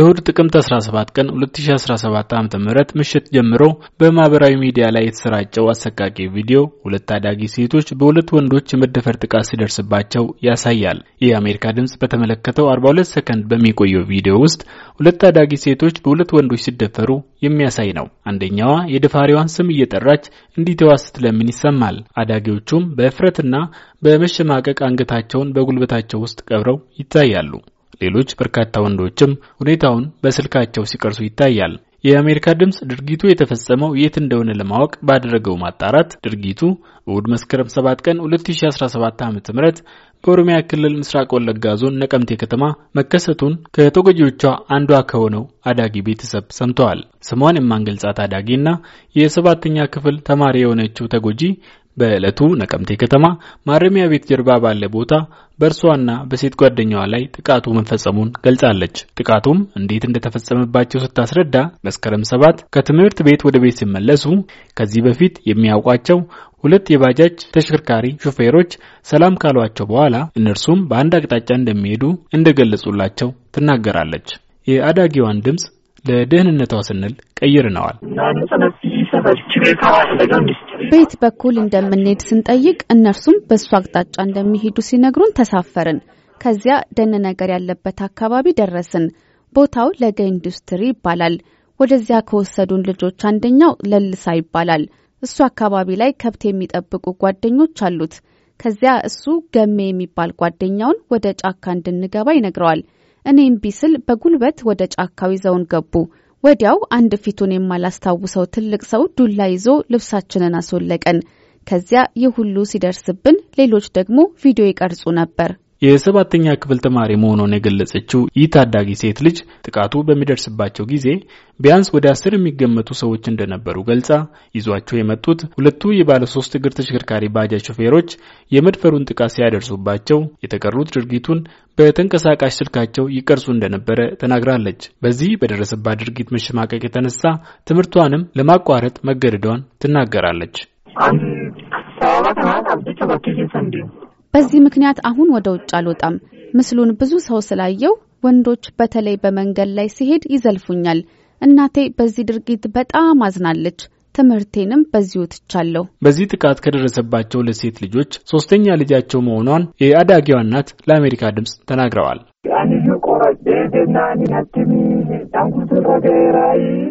እሁድ ጥቅምት 17 ቀን 2017 ዓ.ም ምሽት ጀምሮ በማህበራዊ ሚዲያ ላይ የተሰራጨው አሰቃቂ ቪዲዮ ሁለት ታዳጊ ሴቶች በሁለት ወንዶች የመደፈር ጥቃት ሲደርስባቸው ያሳያል። የአሜሪካ ድምጽ በተመለከተው 42 ሰከንድ በሚቆየው ቪዲዮ ውስጥ ሁለት ታዳጊ ሴቶች በሁለት ወንዶች ሲደፈሩ የሚያሳይ ነው። አንደኛዋ የደፋሪዋን ስም እየጠራች እንዲተዋ ስትለምን ይሰማል። አዳጊዎቹም በእፍረትና በመሸማቀቅ አንገታቸውን በጉልበታቸው ውስጥ ቀብረው ይታያሉ። ሌሎች በርካታ ወንዶችም ሁኔታውን በስልካቸው ሲቀርሱ ይታያል። የአሜሪካ ድምፅ ድርጊቱ የተፈጸመው የት እንደሆነ ለማወቅ ባደረገው ማጣራት ድርጊቱ እሁድ መስከረም 7 ቀን 2017 ዓ.ም በኦሮሚያ ክልል ምስራቅ ወለጋ ዞን ነቀምቴ ከተማ መከሰቱን ከተጎጂዎቿ አንዷ ከሆነው አዳጊ ቤተሰብ ሰምተዋል። ስሟን የማንገልጻት አዳጊና የሰባተኛ ክፍል ተማሪ የሆነችው ተጎጂ በዕለቱ ነቀምቴ ከተማ ማረሚያ ቤት ጀርባ ባለ ቦታ በእርሷና በሴት ጓደኛዋ ላይ ጥቃቱ መፈጸሙን ገልጻለች። ጥቃቱም እንዴት እንደተፈጸመባቸው ስታስረዳ መስከረም ሰባት ከትምህርት ቤት ወደ ቤት ሲመለሱ ከዚህ በፊት የሚያውቋቸው ሁለት የባጃጅ ተሽከርካሪ ሹፌሮች ሰላም ካሏቸው በኋላ እነርሱም በአንድ አቅጣጫ እንደሚሄዱ እንደገለጹላቸው ትናገራለች። የአዳጊዋን ድምፅ ለደህንነቷ ስንል ቀይርነዋል። ቤት በኩል እንደምንሄድ ስንጠይቅ እነርሱም በእሱ አቅጣጫ እንደሚሄዱ ሲነግሩን ተሳፈርን። ከዚያ ደን ነገር ያለበት አካባቢ ደረስን። ቦታው ለገ ኢንዱስትሪ ይባላል። ወደዚያ ከወሰዱን ልጆች አንደኛው ለልሳ ይባላል። እሱ አካባቢ ላይ ከብት የሚጠብቁ ጓደኞች አሉት። ከዚያ እሱ ገሜ የሚባል ጓደኛውን ወደ ጫካ እንድንገባ ይነግረዋል። እኔም ቢስል በጉልበት ወደ ጫካው ይዘውን ገቡ። ወዲያው አንድ ፊቱን የማላስታውሰው ትልቅ ሰው ዱላ ይዞ ልብሳችንን አስወለቀን። ከዚያ ይህ ሁሉ ሲደርስብን ሌሎች ደግሞ ቪዲዮ ይቀርጹ ነበር። የሰባተኛ ክፍል ተማሪ መሆኗን የገለጸችው ይህ ታዳጊ ሴት ልጅ ጥቃቱ በሚደርስባቸው ጊዜ ቢያንስ ወደ አስር የሚገመቱ ሰዎች እንደነበሩ ገልጻ ይዟቸው የመጡት ሁለቱ የባለሶስት እግር ተሽከርካሪ ባጃጅ ሾፌሮች የመድፈሩን ጥቃት ሲያደርሱባቸው የተቀሩት ድርጊቱን በተንቀሳቃሽ ስልካቸው ይቀርጹ እንደነበረ ተናግራለች። በዚህ በደረሰባት ድርጊት መሸማቀቅ የተነሳ ትምህርቷንም ለማቋረጥ መገደዷን ትናገራለች። በዚህ ምክንያት አሁን ወደ ውጭ አልወጣም። ምስሉን ብዙ ሰው ስላየው ወንዶች በተለይ በመንገድ ላይ ሲሄድ ይዘልፉኛል። እናቴ በዚህ ድርጊት በጣም አዝናለች። ትምህርቴንም በዚሁ ትቻለሁ። በዚህ ጥቃት ከደረሰባቸው ለሴት ልጆች ሶስተኛ ልጃቸው መሆኗን የአዳጊዋ እናት ለአሜሪካ ድምፅ ተናግረዋል።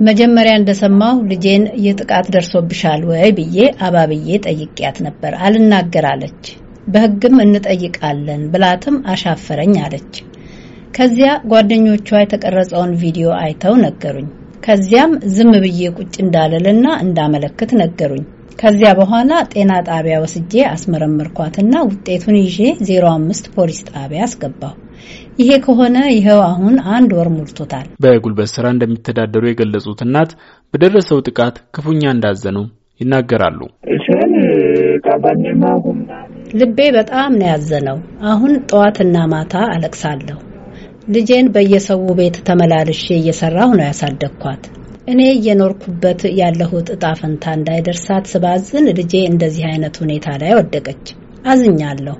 መጀመሪያ እንደሰማሁ ልጄን የጥቃት ደርሶብሻል ወይ ብዬ አባብዬ ጠይቄያት ነበር። አልናገር አለች። በሕግም እንጠይቃለን ብላትም አሻፈረኝ አለች። ከዚያ ጓደኞቿ የተቀረጸውን ቪዲዮ አይተው ነገሩኝ። ከዚያም ዝም ብዬ ቁጭ እንዳለልና እንዳመለክት ነገሩኝ። ከዚያ በኋላ ጤና ጣቢያ ወስጄ አስመረመርኳትና ውጤቱን ይዤ 05 ፖሊስ ጣቢያ አስገባሁ። ይሄ ከሆነ ይኸው አሁን አንድ ወር ሞልቶታል። በጉልበት ስራ እንደሚተዳደሩ የገለጹት እናት በደረሰው ጥቃት ክፉኛ እንዳዘኑ ይናገራሉ። ልቤ በጣም ነው ያዘነው። አሁን ጠዋትና ማታ አለቅሳለሁ። ልጄን በየሰው ቤት ተመላልሼ እየሰራሁ ነው ያሳደግኳት። እኔ እየኖርኩበት ያለሁት እጣ ፈንታ እንዳይደርሳት ስባዝን ልጄ እንደዚህ አይነት ሁኔታ ላይ ወደቀች። አዝኛለሁ።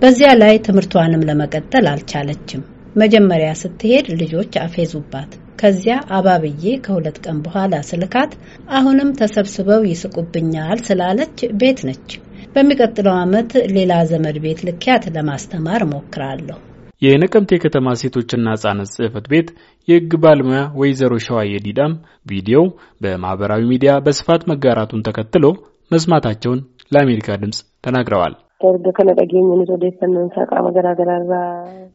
በዚያ ላይ ትምህርቷንም ለመቀጠል አልቻለችም። መጀመሪያ ስትሄድ ልጆች አፌዙባት። ከዚያ አባብዬ ከሁለት ቀን በኋላ ስልካት አሁንም ተሰብስበው ይስቁብኛል ስላለች ቤት ነች። በሚቀጥለው ዓመት ሌላ ዘመድ ቤት ልኪያት ለማስተማር እሞክራለሁ። የነቀምቴ ከተማ ሴቶችና ሕጻናት ጽህፈት ቤት የሕግ ባለሙያ ወይዘሮ ሸዋ ዲዳም ቪዲዮው በማህበራዊ ሚዲያ በስፋት መጋራቱን ተከትሎ መስማታቸውን ለአሜሪካ ድምፅ ተናግረዋል።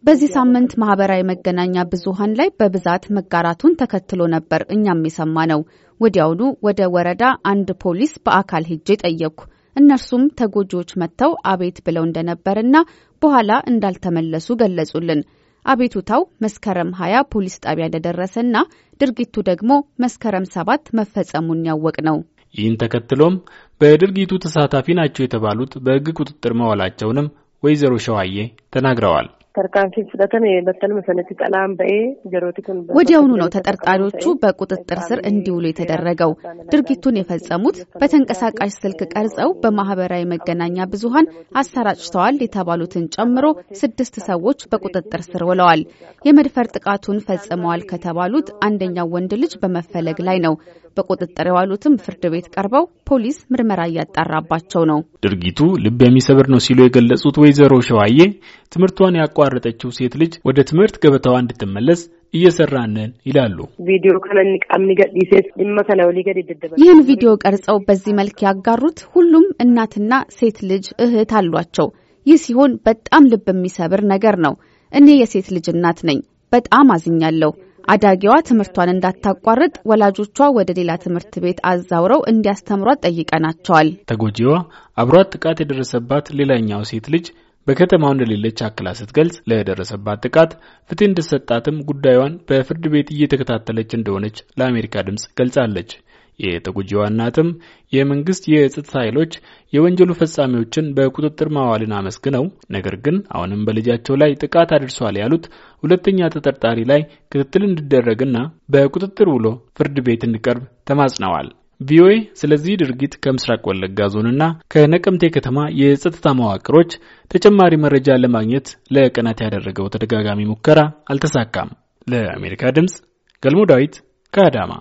በዚህ ሳምንት ማህበራዊ መገናኛ ብዙሀን ላይ በብዛት መጋራቱን ተከትሎ ነበር እኛም የሰማ ነው። ወዲያውኑ ወደ ወረዳ አንድ ፖሊስ በአካል ሄጄ ጠየቅኩ። እነርሱም ተጎጂዎች መጥተው አቤት ብለው እንደነበርና በኋላ እንዳልተመለሱ ገለጹልን። አቤቱታው መስከረም 20 ፖሊስ ጣቢያ እንደደረሰና ድርጊቱ ደግሞ መስከረም ሰባት መፈጸሙን ያወቅ ነው። ይህን ተከትሎም በድርጊቱ ተሳታፊ ናቸው የተባሉት በሕግ ቁጥጥር መዋላቸውንም ወይዘሮ ሸዋዬ ተናግረዋል። ተርካንፊን ፍለተን በተልም ሰነቲ ጠላም በኤ ጀሮቲ ወዲያውኑ ነው ተጠርጣሪዎቹ በቁጥጥር ስር እንዲውሉ የተደረገው። ድርጊቱን የፈጸሙት በተንቀሳቃሽ ስልክ ቀርጸው በማህበራዊ መገናኛ ብዙሃን አሰራጭተዋል የተባሉትን ጨምሮ ስድስት ሰዎች በቁጥጥር ስር ውለዋል። የመድፈር ጥቃቱን ፈጽመዋል ከተባሉት አንደኛው ወንድ ልጅ በመፈለግ ላይ ነው። በቁጥጥር የዋሉትም ፍርድ ቤት ቀርበው ፖሊስ ምርመራ እያጣራባቸው ነው። ድርጊቱ ልብ የሚሰብር ነው ሲሉ የገለጹት ወይዘሮ ሸዋዬ ትምህርቷን ያቋረጠችው ሴት ልጅ ወደ ትምህርት ገበታዋ እንድትመለስ እየሰራንን ይላሉ። ይህን ቪዲዮ ቀርጸው በዚህ መልክ ያጋሩት ሁሉም እናትና ሴት ልጅ እህት አሏቸው። ይህ ሲሆን በጣም ልብ የሚሰብር ነገር ነው። እኔ የሴት ልጅ እናት ነኝ። በጣም አዝኛለሁ። አዳጊዋ ትምህርቷን እንዳታቋርጥ ወላጆቿ ወደ ሌላ ትምህርት ቤት አዛውረው እንዲያስተምሯት ጠይቀናቸዋል። ተጎጂዋ አብሯት ጥቃት የደረሰባት ሌላኛው ሴት ልጅ በከተማው እንደሌለች አክላ ስትገልጽ ለደረሰባት ጥቃት ፍትህ እንድሰጣትም ጉዳዩን በፍርድ ቤት እየተከታተለች እንደሆነች ለአሜሪካ ድምፅ ገልጻለች። የተጎጂዋ እናትም የመንግስት የጸጥታ ኃይሎች የወንጀሉ ፈጻሚዎችን በቁጥጥር ማዋልን አመስግነው ነገር ግን አሁንም በልጃቸው ላይ ጥቃት አድርሷል ያሉት ሁለተኛ ተጠርጣሪ ላይ ክትትል እንዲደረግና በቁጥጥር ውሎ ፍርድ ቤት እንዲቀርብ ተማጽነዋል። ቪኦኤ ስለዚህ ድርጊት ከምስራቅ ወለጋ ዞንና ከነቀምቴ ከተማ የጸጥታ መዋቅሮች ተጨማሪ መረጃ ለማግኘት ለቀናት ያደረገው ተደጋጋሚ ሙከራ አልተሳካም። ለአሜሪካ ድምፅ ገልሞ ዳዊት ከአዳማ